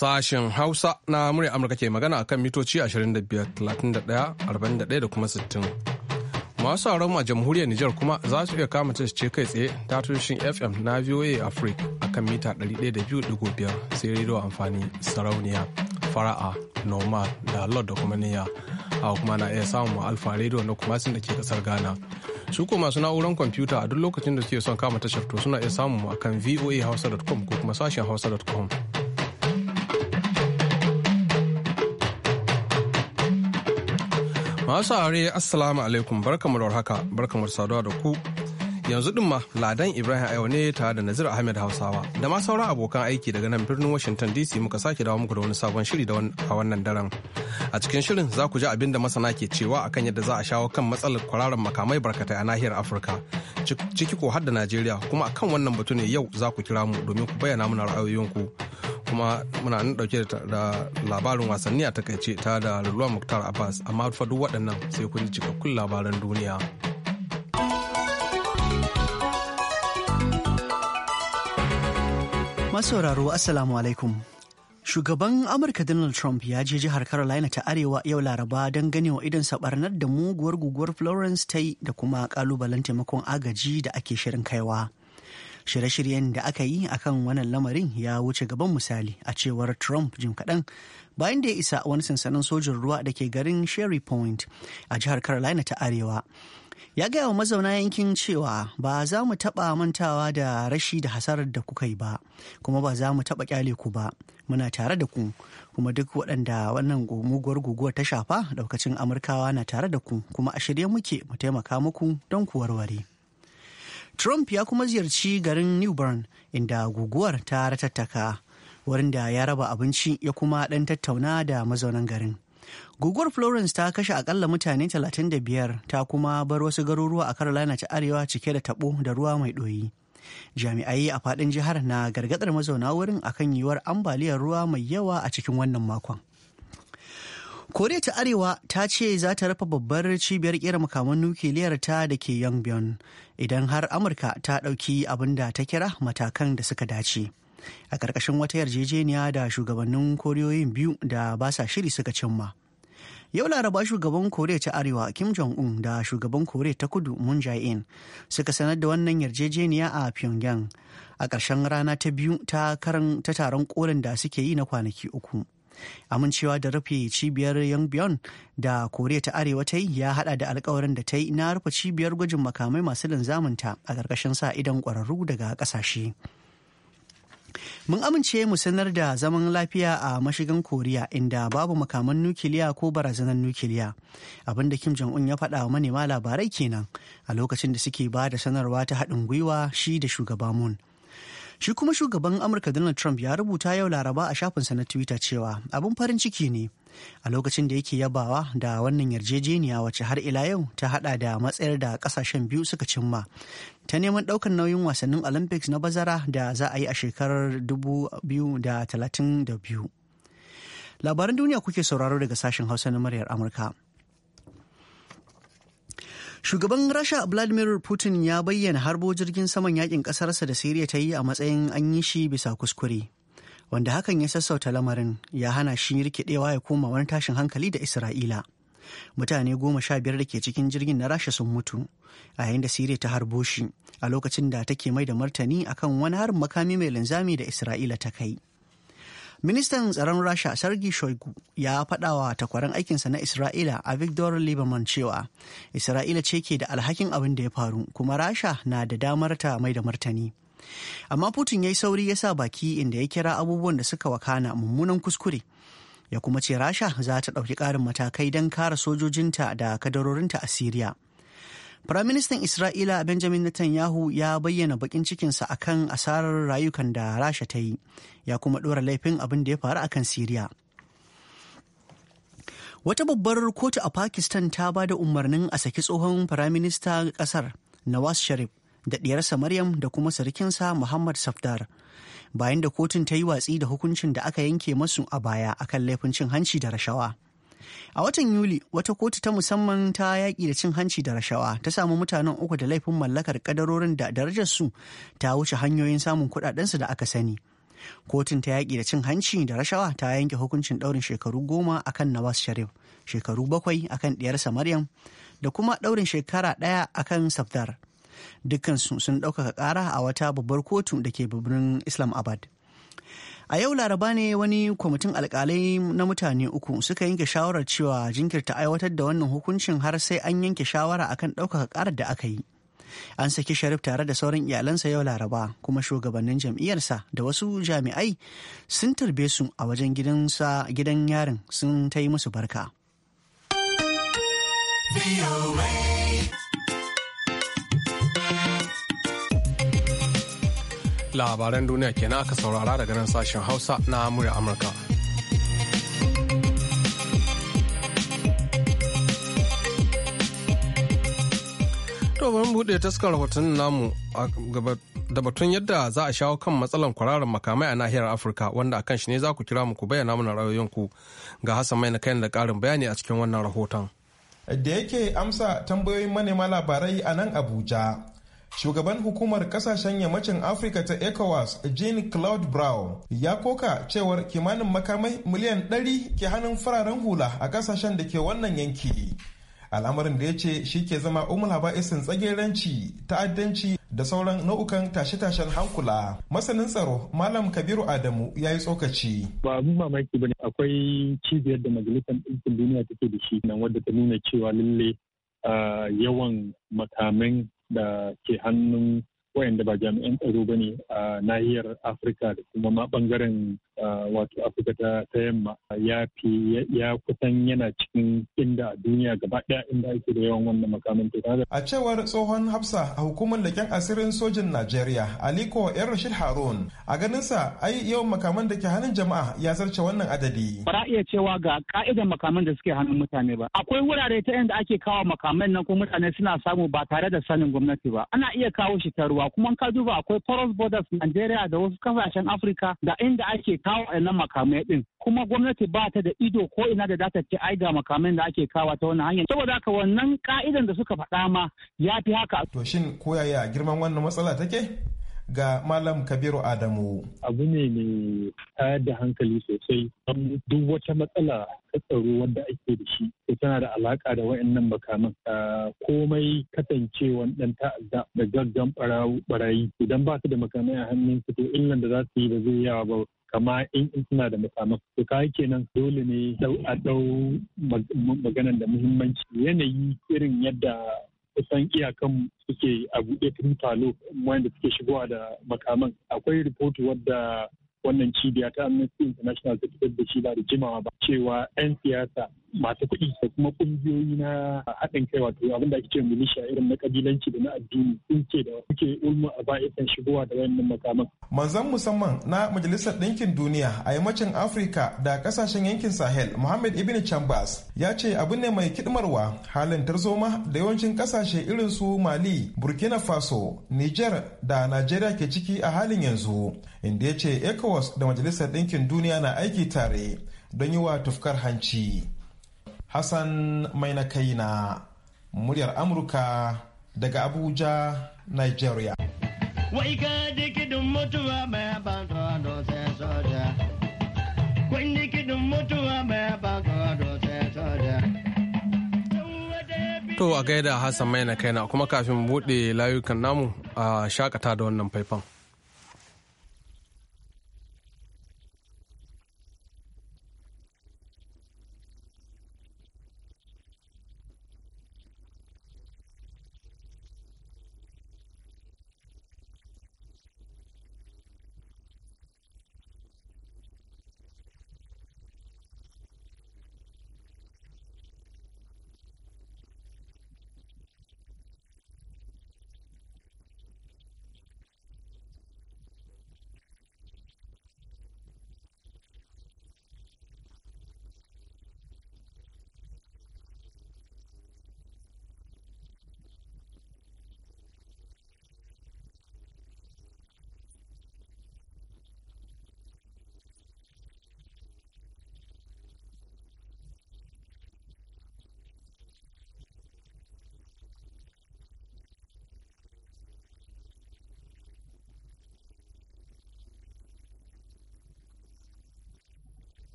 Sashen Hausa na murya Amurka ke magana akan mitoci 25,31,41 da kuma 60. Masu sauran a jamhuriyar Nijar kuma za su iya kama ce kai tsaye ta tushen FM na VOA Africa akan mita 102.5 sai rediyo amfani sarauniya fara'a nomal da lord da kuma niyya a kuma na iya samun alfa rediyo na kumasin da ke kasar Ghana. su masu na'uran kwamfuta a duk lokacin da suke son kama tashar to suna iya samun mu akan voahausa.com ko kuma sashen hausa.com. Masu aure assalamu alaikum barkamu da haka barkamu saduwa da ku yanzu din ma ladan Ibrahim Ayo ne tare da Nazir Ahmed Hausawa da ma sauran abokan aiki daga nan birnin Washington DC muka sake dawo muku da wani sabon shiri da a wannan daren. A cikin shirin za ku ji abin da masana ke cewa akan yadda za a shawo kan matsalar kwararan makamai barkatai a nahiyar Afirka ciki ko har da Najeriya kuma akan wannan batu ne yau za ku kira mu domin ku bayyana mana ra'ayoyinku. kuma muna nan dauke da labarin wasanni a takaice ta da Lulluwa Muktar Abbas amma fa duk waɗannan sai kun ji cikakkun labaran duniya. Masauraro Assalamu alaikum. Shugaban Amurka Donald Trump ya je jihar Carolina ta Arewa yau Laraba don ganewa idon sabarnar da muguwar guguwar Florence ta yi da kuma kalubalen taimakon agaji da ake shirin kaiwa. shirye-shiryen da aka yi akan wannan lamarin ya wuce gaban misali a cewar trump jim kaɗan bayan da ya isa wani sansanin sojin ruwa da ke garin sherry point a jihar carolina ta arewa ya gaya wa mazauna yankin cewa ba za mu taɓa mantawa da rashi da hasarar da kuka yi ba kuma ba za mu taɓa kyale ku ba muna tare da ku kuma duk waɗanda wannan muguwar guguwar ta shafa daukacin amurkawa na tare da ku kuma a shirye muke mu taimaka muku don ku warware. Trump ya kuma ziyarci garin Bern inda guguwar ta ratattaka wurin da ya raba abinci ya kuma ɗan tattauna da mazaunan garin. Guguwar Florence ta kashe akalla mutane 35 ta kuma bar wasu garuruwa a Carolina ta Arewa cike da tabo da ruwa mai ɗoyi. Jami'ai a faɗin jihar na gargadar mazauna wurin akan yiwuwar ambaliyar ruwa mai yawa a cikin wannan makon. koriya ta arewa ta ce za ta rufe babbar cibiyar kera makaman nukiliyar ta da ke yongbyon idan har amurka ta ɗauki abin da ta kira matakan da suka dace a ƙarƙashin wata yarjejeniya da shugabannin koriyoyin biyu da ba sa shiri suka cimma yau laraba shugaban koriya ta arewa kim jong-un da shugaban koriya ta kudu moon jae-in suka sanar da wannan yarjejeniya a pyongyang a ƙarshen rana ta biyu ta taron kolin da suke yi na kwanaki uku amincewa da rufe cibiyar yongbyon da koriya ta arewa ta yi ya hada da alkawarin da ta yi na rufe cibiyar gwajin makamai masu linzaminta a ƙarƙashin sa idan ƙwararru daga ƙasashe. Mun amince mu sanar da zaman lafiya a mashigan Koriya inda babu makaman nukiliya ko barazanar nukiliya. Abinda da Kim Jong-un ya faɗa wa manema labarai kenan a lokacin da suke ba da sanarwa ta haɗin gwiwa shi da shugaba mun. Shi kuma shugaban Amurka Donald Trump ya rubuta yau Laraba a shafinsa na Twitter cewa abin farin ciki ne a lokacin da yake yabawa da wannan yarjejeniya wacce har ila yau ta hada da matsayar da kasashen biyu suka cimma ta neman ɗaukar nauyin wasannin Olympics na bazara da za a yi a shekarar 2032. Labaran duniya kuke sauraro daga sashen Hausa na muryar Amurka. Shugaban Rasha Vladimir Putin ya bayyana harbo jirgin saman yakin ƙasarsa da Siriya ta yi a matsayin an yi shi bisa kuskure. Wanda hakan ya sassauta lamarin ya hana shi rikidewa ya koma wani tashin hankali da Isra'ila. Mutane goma sha biyar da ke cikin jirgin na Rasha sun mutu a yayin da Siriya ta harbo shi a lokacin da take mai da martani akan wani harin makami mai linzami da Isra'ila ta kai. Ministan tsaron Rasha Sargi Shoigu ya faɗa wa takwaran aikinsa na Isra'ila a Victor Lieberman cewa Isra'ila ce ke da alhakin abin da ya faru kuma Rasha na da damar ta mai da martani. Amma Putin ya yi sauri ya sa baki inda ya kira abubuwan da suka wakana mummunan kuskure. Ya kuma ce Rasha za ta ɗauki ƙarin matakai don kare sojojinta da kadarorinta a Siriya. Firaministan Isra'ila Benjamin Netanyahu ya bayyana bakin cikinsa akan asarar rayukan da Rasha ta yi, ya kuma ɗora laifin abin da ya faru akan Siriya. Wata babbar kotu a Pakistan ta ba da umarnin a saki tsohon firaminista ƙasar Nawaz Sharif da ɗiyarsa Maryam da kuma sarkinsa Muhammad Safdar. Bayan da kotun ta yi watsi da hukuncin da aka yanke masu a baya akan laifin cin hanci da rashawa. A watan Yuli, wata kotu ta musamman ta yaƙi da cin hanci da rashawa ta samu mutanen uku da laifin mallakar kadarorin da darajar su ta wuce hanyoyin samun kuɗaɗensu da aka sani. Kotun ta yaƙi da cin hanci da rashawa ta yanke hukuncin ɗaurin shekaru goma akan Nawaz Sharif, shekaru bakwai akan ɗiyarsa Maryam, da kuma ɗaurin shekara ɗaya akan Safdar. Dukkansu sun ɗaukaka ƙara a wata babbar kotu da ke birnin Islamabad. a yau laraba ne wani kwamitin alkalai na mutane uku suka yanke shawarar cewa jinkirta aiwatar da wannan hukuncin har sai an yanke shawara a kan ɗaukaka ƙarar da aka yi an saki sharif tare da sauran iyalansa yau laraba kuma shugabannin jam'iyyarsa da wasu jami'ai sun tarbe su a wajen gidansa gidan yarin sun ta yi musu barka. labaran duniya kenan aka saurara daga nan sashen hausa na murya amurka to buɗe taskar rahoton namu da batun yadda za a shawo kan matsalar kwararan makamai a nahiyar afirka wanda akan shi ne za ku kira mu ku bayyana mana ra'ayoyinku ga hassan mai na kayan da ƙarin bayani a cikin wannan rahoton da yake amsa tambayoyin manema labarai a nan abuja shugaban hukumar kasashen yammacin afirka ta ecowas jean claude brown ya koka cewar kimanin makamai miliyan 100 ke hannun fararen hula a kasashen da ke wannan yanki al'amarin da ya ce shi ke zama umar ba'isin tsageranci ta'addanci da sauran nau'ukan tashe-tashen hankula masanin tsaro malam kabiru adamu ya yi tsokaci ba mu mamaki ba ne akwai cibiyar da majalisar ɗinkin duniya take da shi nan wadda ta nuna cewa lalle ah, yawan makamin da ke hannun wayanda ba jami'an tsaro ba ne a nahiyar afirka da kuma ma bangaren wato afirka ta yamma ya fi ya kusan yana cikin inda a duniya gaba daya inda ake da yawan wannan makamin a cewar tsohon hafsa a hukumar leken asirin sojin najeriya aliko yan rashid harun a ganinsa ai yawan makaman da ke hannun jama'a ya zarce wannan adadi ba iya cewa ga ka'idan makaman da suke hannun mutane ba akwai wurare ta yadda ake kawo makaman nan ko mutane suna samu ba tare da sanin gwamnati ba ana iya kawo shi ta ruwa kuma ka duba akwai porous borders Nigeria da wasu kasashen Afrika da inda ake kawo a makamai din kuma gwamnati ba ta da ido ko ina da data ce ai ga makamai da ake kawo ta wannan hanya saboda haka wannan ka'idan da suka faɗa ma ya fi haka to shin ko girman wannan matsala take ga Malam Kabiru Adamu. Abu ne mai tayar da hankali sosai don duk wata matsala ta tsaro wanda ake da shi to tana da alaka da wayannan makaman. Komai kasancewan ɗan ta'adda da gaggan barayi idan ba su da makamai a hannun su to illan da za su yi ba zai yawa ba kama in suna da makaman. To ka kenan dole ne a dau maganan da muhimmanci yanayi irin yadda kusan iyakan suke a buɗe tun falo wanda suke shigowa da makaman akwai rahoto wadda wannan cibiya ta amnesty international ta fitar da shi ba da jimawa ba cewa 'yan siyasa masu kuɗi da kuma ƙungiyoyi na haɗin kai wato abin da ake milisha irin na kabilanci da na addini sun ce da kuke ulmu a ba'isan shigowa da wayannan makaman. Manzan musamman na Majalisar Ɗinkin Duniya a yammacin Afirka da ƙasashen yankin Sahel mohammed Ibn Chambas ya ce abin ne mai kiɗmarwa halin tarzoma da yawancin ƙasashe irin su Mali, Burkina Faso, Niger da Najeriya ke ciki a halin yanzu. Inda ya ce ECOWAS da Majalisar Ɗinkin Duniya na aiki tare don yi wa tufkar hanci. Hassan mai na na muryar Amurka daga Abuja, Nigeria. Wai ka mutuwa mai To a gaida Hassan mai na kaina kuma kafin buɗe layukan namu a shakata da wannan faifan.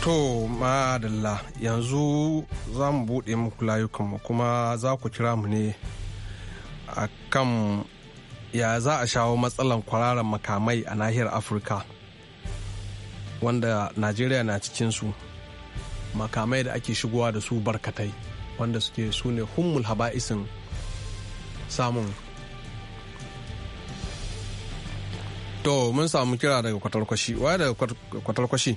To madalla yanzu za mu buɗe muku layukanmu kuma za ku kira mu ne a kan ya za a shawo matsalan kwararan makamai a nahiyar Afirka wanda Najeriya na cikinsu makamai da ake shigowa da su barkatai wanda suke su ne hummul haba'isin samun. To mun samu kira daga kwatarkwashi. Waya daga kwatarkwashi?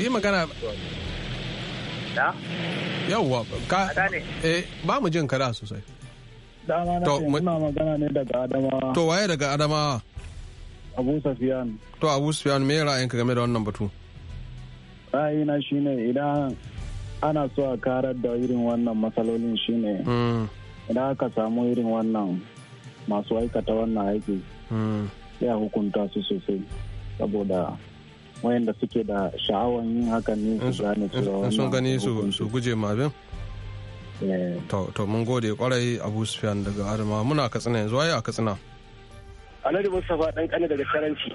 yi magana da yawwa ka eh ba mu jin kada sosai to muna magana ne daga adamawa to waye daga adamawa abu safiyan to abu safiyan me ka game da wannan batu na shine idan ana so a karar da irin wannan matsalolin shine hmm. idan aka samu irin wannan masu aikata wannan aiki hmm. sai a hukunta su sosai saboda wayanda suke da sha'awar yin hakan ne su gane cewa sun gani su guje ma abin eh. to mun gode kwarai abu sufiyan daga adama muna katsina yanzu waye a katsina alhaji mustapha dan kane daga karanci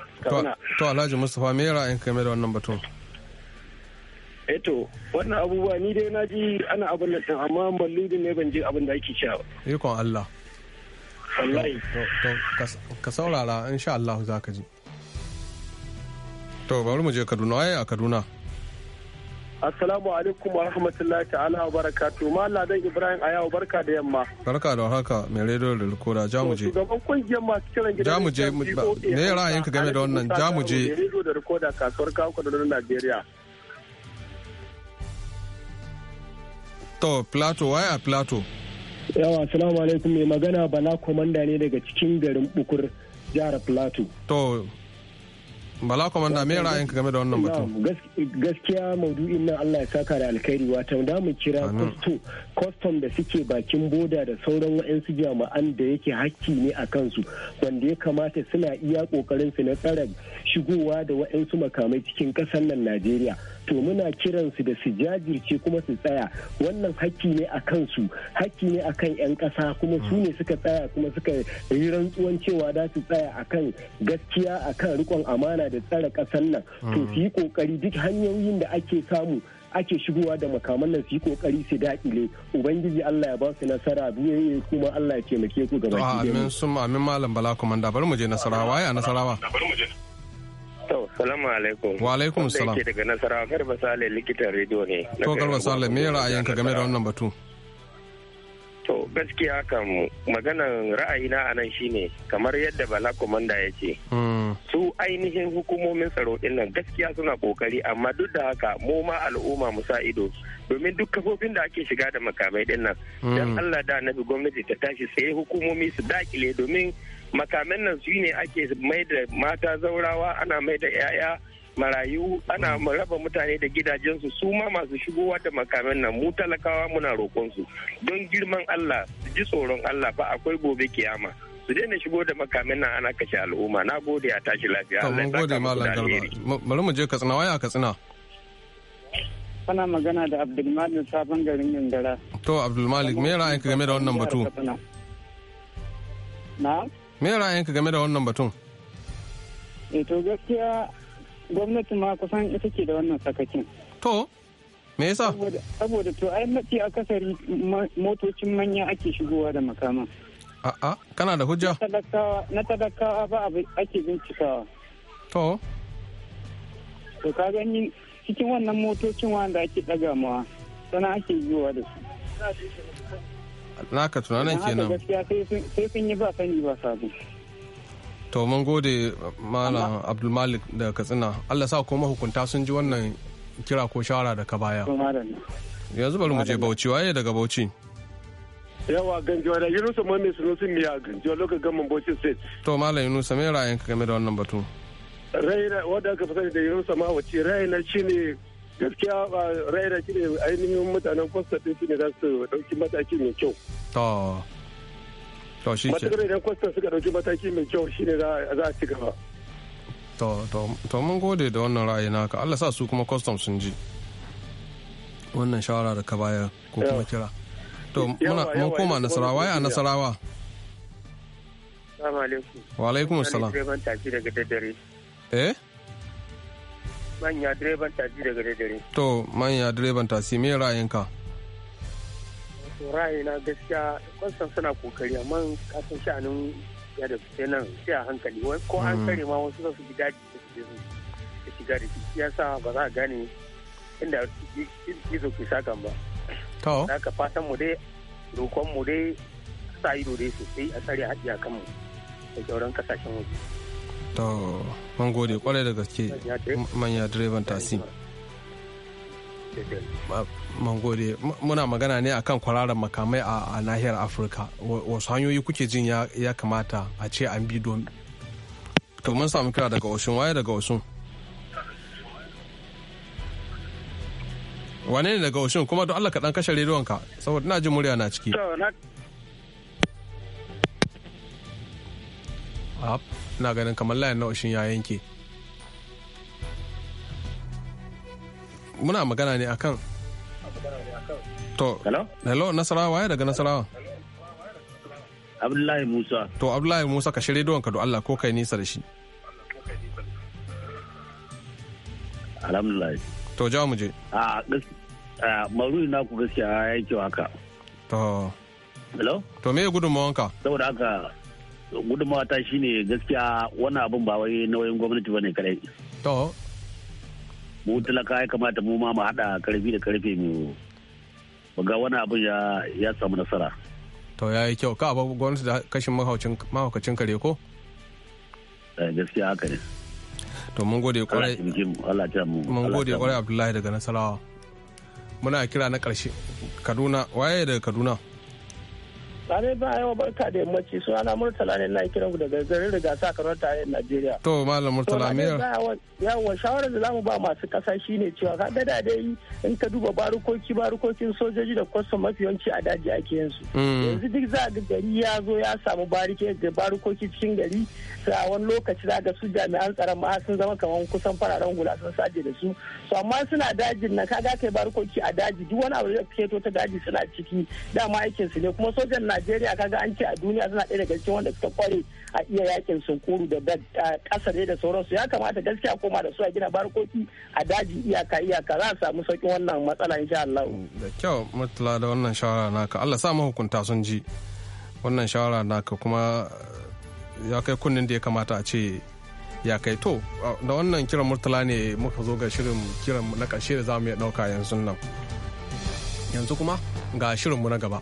to alhaji mustapha me ra'ayin kai mai da wannan batun eto eh wannan abubuwa ni dai na ji ana abin da amma malludin ne ban ji abin da ake cewa ikon allah wallahi to ka saurara insha allah za ka ji to bari mu je kaduna waye a kaduna assalamu alaikum wa rahmatullahi ta'ala wa barakatu dan ibrahim ayawa barka da yamma barka da haka mai rediyo da rikoda jamuje shugaban kungiyar masu kiran gidan je me ra'ayin ka game da wannan jamuje rediyo da rikoda kasuwar kawo da najeriya to plato waye a plato yawa assalamu alaikum mai magana bala komanda ne daga cikin garin bukur jihar plato to Bala Kwamanda me ra'ayinka game da wannan batun. Gaskiya maudu'in nan Allah ya saka da alkhairi wata da mu kira kosto da suke bakin boda da sauran wa'ansu jami'an da yake hakki ne a kansu wanda ya kamata suna iya kokarin su na tsara shigowa da wa'ansu makamai cikin kasar nan Najeriya. to muna kiransu da su jajirce kuma su tsaya wannan hakki ne a kansu hakki ne a kan 'yan ƙasa kuma su ne suka tsaya kuma suka yi rantsuwan cewa za su tsaya a kan gaskiya a kan riƙon amana da tsare ƙasar nan to mm. su yi kokari duk hanyoyin da ake samu ake shigowa da makaman nan su yi kokari su dakile ubangiji Allah ya ba su nasara biye kuma Allah ya taimake ku gaba ki amin sun amin malam bala komanda bari mu je nasarawa ya nasarawa to salamu alaikum wa alaikum salam daga nasarawa garba sale likitan rediyo ne to garba sale me ra'ayinka game da wannan batu To gaskiya kan maganan ra'ayina a nan shine kamar yadda Bala Komanda ya ce. Hmm. Su ainihin hukumomin tsaro dinnan gaskiya suna kokari amma duk da haka mu ma al'umma mu sa ido domin duk kafofin da ake shiga da makamai dinnan nan. Hmm. Dan Allah da nabi gwamnati ta tashi sai hukumomi su dakile domin makaman nan su ne ake mai da mata zaurawa ana mai da 'ya'ya marayu ana mm. raba mutane da gidajensu su ma masu shigowa da makamin nan mu talakawa muna roƙonsu don girman Allah su ji tsoron Allah ba akwai gobe kiyama su daina shigo da makamin nan ana kashe al'umma na gode a tashi lafiya Allah ya saka mu da bari mu je Katsina waya Katsina kana magana da Abdulmalik sabon garin Gangara to Abdulmalik me ra'ayinka game da wannan batu na me ra'ayinka game da wannan batun eh to gaskiya gwamnati ma kusan ita ke da wannan sakacin. To, me yasa? Saboda to ai mafi akasari motocin manya ake shigowa da makaman. A'a, kana da hujja? Na talakawa ba ake bincikawa. To. To ka gani cikin wannan motocin wanda ake ɗaga mawa, sana ake yiwa da su. Naka tunanin kenan. Gaskiya sai sun yi ba sani ba sabu. to mun gode malam abdulmalik da katsina allah sa kuma hukunta sun ji wannan kira ko shawara da ka baya yanzu bari mu je bauchi waye daga bauchi yawa ganjo da yunusa ma sun sun miya ganjo lokacin gaman bauchi state to malam Nusa me yanka game da wannan batu raina wanda aka fasari da yunusa ma wace raina shine gaskiya raina shine ainihin mutanen kwasta din su ne za su dauki mataki mai kyau to to shi ce matakar idan kwastan suka dauki mataki mai kyau ne za a ci gaba to mun gode da wannan ra'ayi naka Allah sa su kuma custom sun ji wannan shawara da ka bayar ko kuma kira to mun koma nasarawa ya nasarawa wa alaikum assalam direban taxi daga daddare eh manya direban taxi daga daddare to manya direban taxi me ra'ayinka to ra'ayina gaskiya kwansan suna kokari amma kasan sha'anin ya da fice nan sai a hankali ko an kare mm. ma wasu za su ji daɗi da su da shiga da shi yasa ba za a gane inda gizo ke shakan ba. To. Da ka fatan mu dai dokon mu dai sa ido dai sosai a tsare haɗiya kan mu da sauran kasashen waje. To, mun gode kwarai da gaske manya direban tasi. mangode muna magana ne akan kwararan makamai a nahiyar afirka wasu hanyoyi kuke jin ya kamata a ce an bi don to mun samu kira daga osun waye daga osun wane ne daga osun kuma don allah ka dan kashe rediyonka saboda ina jin murya na ciki na ganin kamar layan na oshin ya yanke muna magana ne akan To. Hello? Hello, Nasarawa ya daga Nasarawa? Abdullahi Musa. To, Abdullahi Musa ka shirye duwanka do Allah ko kai nisa da shi. Alhamdulillah. To, jawo mu je. A maru na ku gaskiya ya yi haka. To. Hello? To, me gudunmawanka? Saboda haka gudunmawa ta shine gaskiya wani abin ba wai nauyin gwamnati ba ne kare. To. Mu talaka ya kamata mu ma mu haɗa karfi da karfe mu ga wani abin ya samu nasara to ya yi kyau ka abu gwamnati da kashin mahaukacin kare ko eh, gaskiya haka ne to mun gode kwarai mun gode kwarai abdullahi daga nasarawa muna kira na karshe kaduna waye daga kaduna Sare ba yawa barka da yammaci sunana Murtala ne na kiran ku daga garin rigasa karon tare Najeriya. To Malam Murtala me yawa shawarar da zamu ba masu kasa shine cewa ka ga da yi in ka duba barukoki barukokin sojoji da kwastam mafi yawanci a daji ake yin su. Mm. Yanzu duk za ga gari ya zo ya samu barike da barukoki cikin gari sai a wani lokaci za ga su jami'an tsaron ma sun zama kamar kusan fararen hula sun saje da su. To amma suna dajin na kaga kai barukoki a daji duk wani abu da ke ta daji suna ciki dama aikin su ne kuma sojan na najeriya kaga an ce a duniya suna ɗaya daga cikin wanda suka kware a iya yakin sunkuru da ƙasa ne da sauransu ya kamata gaskiya koma da su a gina barkoki a daji iyaka iyaka za a samu sauƙin wannan matsala insha Allah. da kyau murtala da wannan shawara naka Allah sa mahukunta sun ji wannan shawara naka kuma ya kai kunnen da ya kamata a ce ya kai to da wannan kiran murtala ne muka zo ga shirin kiran na ƙarshe da za mu iya ɗauka yanzu nan yanzu kuma ga shirinmu na gaba.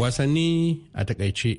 wasanni a takaice.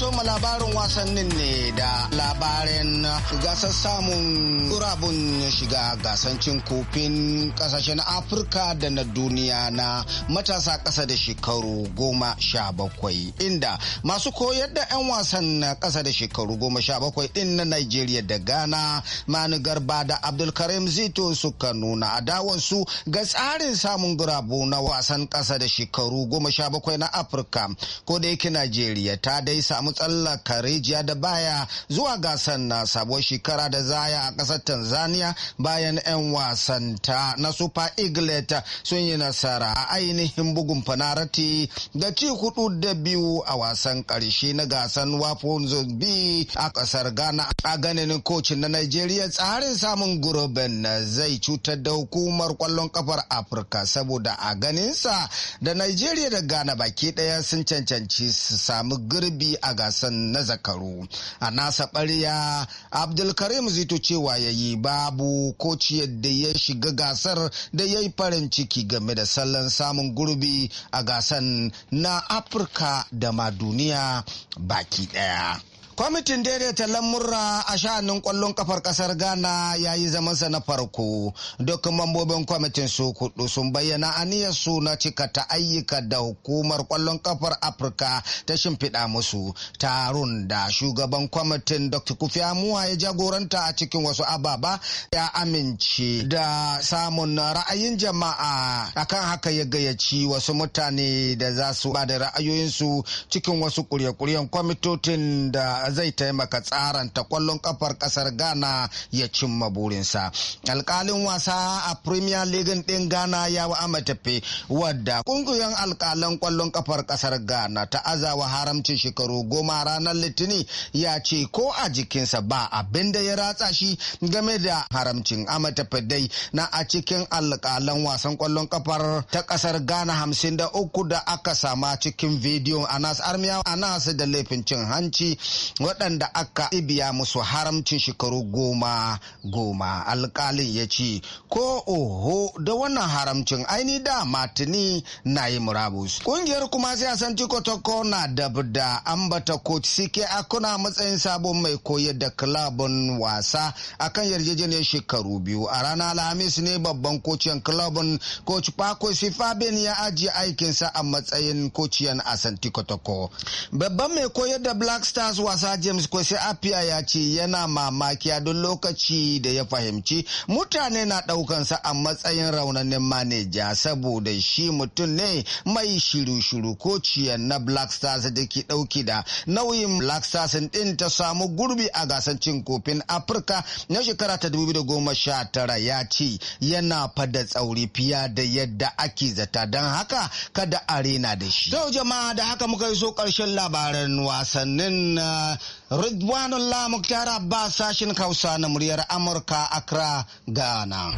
ma labarin wasannin ne da labarin gasar samun gurabun shiga cin kofin kasashen afirka da na duniya na matasa ƙasa da shekaru goma sha bakwai inda masu koyar da 'yan wasan kasa da shekaru goma sha bakwai ɗin na nigeria da ghana mani garba da abdulkarim zito suka nuna adawarsu ga tsarin samun gurabu na wasan ƙasa da shekaru goma sha bakwai na afirka ko da yake nigeria ta dai samu samu tsallaka da baya zuwa gasar na sabuwar shekara da zaya a ƙasar tanzania bayan 'yan wasanta na super eaglet sun yi nasara a ainihin bugun fanarati da ci hudu da biyu a wasan ƙarshe na gasan wafon zobi a ƙasar ghana a ganin kocin na nigeria tsarin samun gurbin zai cutar da hukumar kwallon kafar afirka saboda a ganinsa da nigeria da ghana baki ɗaya sun cancanci su samu girbi a gasan na zakaru a nasa ɓarya abdulkarim zito cewa ya yi babu kociyar da ya shiga gasar da ya yi farin ciki game da sallan samun gurbi a gasan na afirka da ma duniya baki ɗaya. Kwamitin daidaita lamurra a sha'anin kwallon kafar kasar Ghana ya yi zamansa na farko. Duk mambobin kwamitin su kudu sun bayyana aniyarsu na cika ta ayyuka da hukumar kwallon kafar Afirka ta shimfiɗa musu. Tarun da shugaban kwamitin Dr. Kufi Amuwa ya jagoranta a cikin wasu ababa ya amince da samun ra'ayin jama'a. Akan haka ya gayyaci wasu mutane da za su ba da ra'ayoyinsu cikin wasu kurye-kuryen kwamitotin da zai taimaka tsaranta kwallon kafar kasar ghana ya cimma burinsa alkalin wasa a premier league din ghana ya wa amatafe wadda kungiyar alkalan kwallon kafar kasar ghana ta azawa haramcin shekaru goma ranar litini ya ce ko a jikinsa ba abin da ya ratsa shi game da haramcin amatafe dai na a cikin alkalan wasan kwallon kafar ta kasar ghana hamsin da uku da aka sama cikin vidiyo anas armiya anas da laifin cin hanci waɗanda aka ibiya musu haramcin shekaru goma goma alkalin ya ce ko oho da wannan haramcin aini da matini na yi murabus ƙungiyar kuma siyasan tikotoko na dabda ambata coach sike akuna matsayin sabon mai koyar da kilabin wasa akan yarjejeniyar shekaru biyu a rana alhamis ne babban kociyan kilabin coach paco sifabin ya ajiye aikinsa a matsayin kociyan asanti kotoko babban mai koyar da black stars wasa Musa James Kwesi Apia ya ce yana mamaki a duk lokaci da ya fahimci mutane na ɗaukansa a matsayin raunanin maneja saboda shi mutum ne mai shiru-shiru ko ciyan na Black Stars da ke ɗauki da nauyin Black Stars ɗin ta samu gurbi a gasar cin kofin Afirka na shekara ta 2019 ya ce yana fada tsauri fiya da yadda ake zata don haka kada a da shi. sau jama'a da haka muka yi so ƙarshen labaran wasannin uh, Ridwanullah Muktar Abbas sashin Hausa na muryar Amurka Accra, Ghana.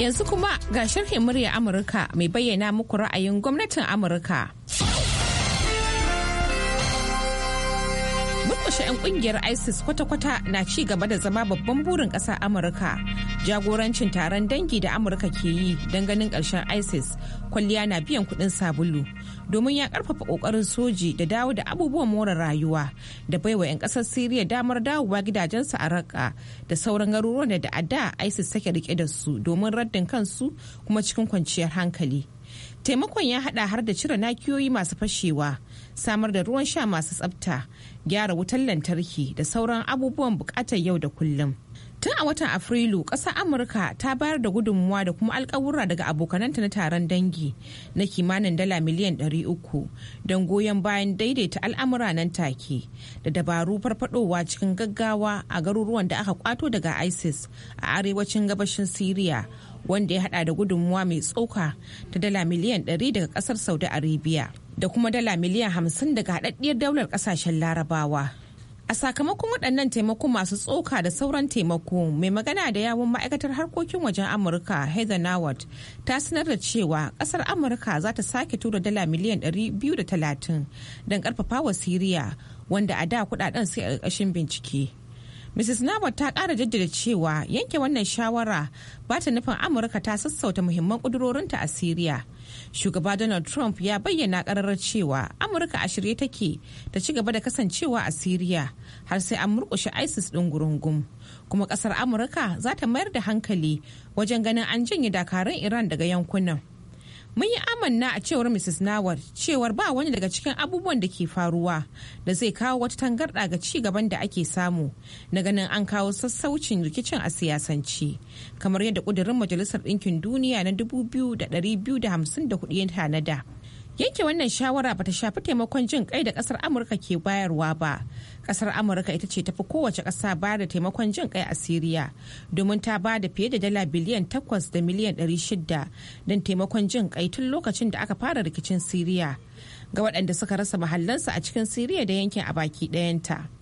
Yanzu kuma ga sharhin muryar Amurka mai bayyana muku ra'ayin gwamnatin Amurka. murkushe 'yan kungiyar isis kwata-kwata na ci gaba da zama babban burin ƙasar amurka jagorancin taron dangi da amurka ke yi don ganin ƙarshen isis kwalliya na biyan kuɗin sabulu domin ya karfafa kokarin soji da dawo da abubuwan more rayuwa da baiwa 'yan kasar siriya damar dawowa gidajensu a raka da sauran garuruwan da a da isis take rike da su domin raddin kansu kuma cikin kwanciyar hankali taimakon ya hada har da cire nakiyoyi masu fashewa samar da ruwan sha masu tsabta gyara wutan lantarki da sauran abubuwan bukatar yau da kullum. Tun a watan Afrilu, ƙasar Amurka ta bayar da gudunmuwa da kuma alkawura daga abokananta na taron dangi na kimanin dala miliyan 300 don goyon bayan daidaita al'amura nan take da dabaru farfadowa cikin gaggawa a garuruwan da aka kwato daga ISIS a arewacin gabashin syria wanda ya hada da gudunmuwa mai tsoka ta dala miliyan 100 daga ƙasar Saudi Arabia da kuma dala miliyan 50 daga haɗaɗɗiyar daular ƙasashen Larabawa A sakamakon waɗannan taimako masu tsoka da sauran taimako mai magana da yawon ma'aikatar harkokin wajen Amurka Heather nawad ta sanar da cewa ƙasar Amurka za ta sake tura dala miliyan 230 don ƙarfafa wa Siriya wanda a da kuɗaɗen sai a ƙarƙashin bincike. Mrs. Nauert ta ƙara jaddada cewa yanke wannan shawara ba ta nufin Amurka ta sassauta muhimman ƙudurorinta a Siriya. shugaba donald trump ya bayyana kararar cewa amurka a shirye take ta ci gaba da kasancewa a siriya har sai an murkushe isis ɗin gurungum kuma ƙasar amurka za ta mayar da hankali wajen ganin an janye dakarun iran daga yankunan mun yi amanna a cewar mrs nawar cewar ba wani daga cikin abubuwan da ke faruwa da zai kawo wata tangarɗa ga ci gaban da ake samu na ganin an kawo sassaucin rikicin a siyasance kamar yadda ƙudurin majalisar ɗinkin duniya na 2254 ya tanada yanke wannan shawara bata shafi taimakon jin kai da kasar amurka ke bayarwa ba kasar amurka ita ce tafi kowace kasa ba da taimakon jin kai a siriya domin ta ba da fiye da dala biliyan 8 da miliyan 600 don taimakon jin kai tun lokacin da aka fara rikicin siriya ga waɗanda suka rasa mahallansu a cikin siriya da yankin a baki ɗayanta.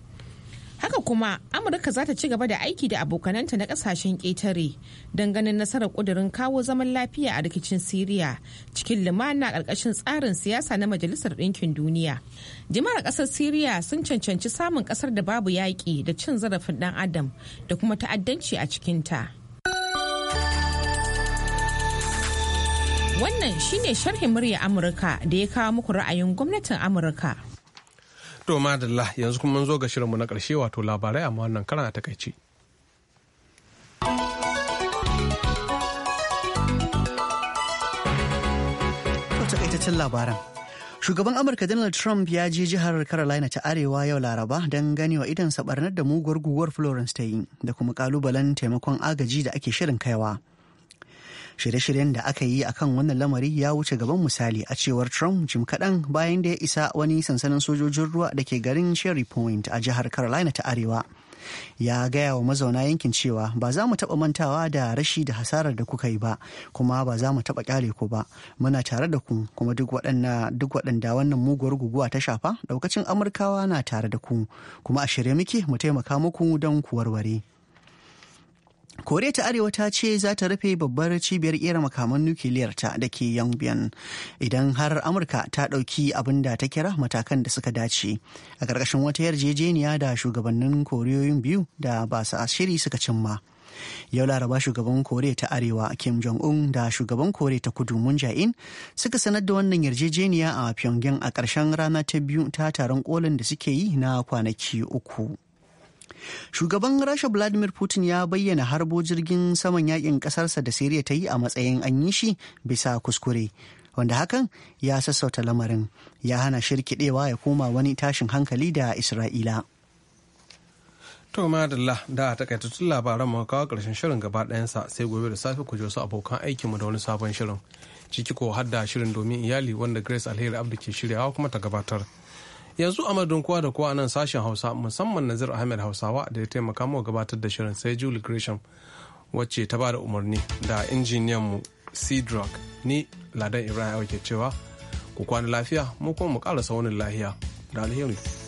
Haka kuma Amurka za ta ci gaba da aiki da abokananta na kasashen ƙetare don ganin nasarar ƙudurin kawo zaman lafiya a rikicin Siriya cikin lumana ƙarƙashin tsarin siyasa na Majalisar Ɗinkin Duniya. Jama'ar ƙasar Siriya sun cancanci samun ƙasar da babu yaƙi da cin zarafin ɗan adam da kuma ta'addanci a cikinta. Wannan shine sharhin murya Amurka da ya kawo muku ra'ayin gwamnatin Amurka. To madalla yanzu kuma mun zo ga shirinmu na ƙarshe wato labarai amma wannan karan a takaici. takaitaccen labaran. Shugaban Amurka Donald Trump ya je jihar Carolina ta Arewa yau Laraba don wa idan sabarnar da muguwar guguwar Florence ta yi da kuma kalubalen taimakon agaji da ake shirin kaiwa. shirye-shiryen da aka yi akan wannan lamari ya wuce gaban misali a cewar trump jim kaɗan bayan da ya isa wani sansanin sojojin ruwa da ke garin cherry point a jihar carolina ta arewa ya gaya wa mazauna yankin cewa ba za mu taɓa mantawa da rashi da hasarar da kuka yi ba kuma ba za mu taɓa ƙyale ku ba muna tare da ku kuma duk waɗanda duk waɗanda wannan muguwar guguwa ta shafa ɗaukacin amurkawa na tare da ku kuma a shirye muke mu taimaka muku don ku warware. koriya ta arewa ta ce za ta rufe babbar cibiyar kera makaman nukiliyar ta da ke yongbyon idan har amurka ta ɗauki abin da ta kira matakan da suka dace a ƙarƙashin wata yarjejeniya da shugabannin koriyoyin biyu da ba su shiri suka cimma yau laraba shugaban koriya ta arewa kim jong un da shugaban koriya ta kudu mun jain suka sanar da wannan yarjejeniya a pyongyang a ƙarshen rana ta biyu ta taron kolin da suke yi na kwanaki uku Shugaban Rasha Vladimir Putin ya bayyana harbo jirgin saman yakin kasarsa da Siriya ta yi a matsayin an yi shi bisa kuskure. Wanda hakan ya sassauta lamarin ya hana shirkiɗewa ya koma wani tashin hankali da Isra'ila. To madalla da a takaitattun labaran mu kawo karshen shirin gaba ɗayansa sai gobe da safe ku je wasu abokan aikin mu da wani sabon shirin. Ciki ko hadda shirin domin iyali wanda Grace Alheri Abdu ke shiryawa kuma ta gabatar. yanzu a madadin kowa da kowa nan sashen hausa musamman nazir ahmed hausawa da ya taimaka mu gabatar da shirin sai julie gresham wacce ta bada umarni da injiniyan mu cedric ni ladan ibrahim ke cewa ku kwana lafiya mu kuma mu ƙara saunin lahiya da alheri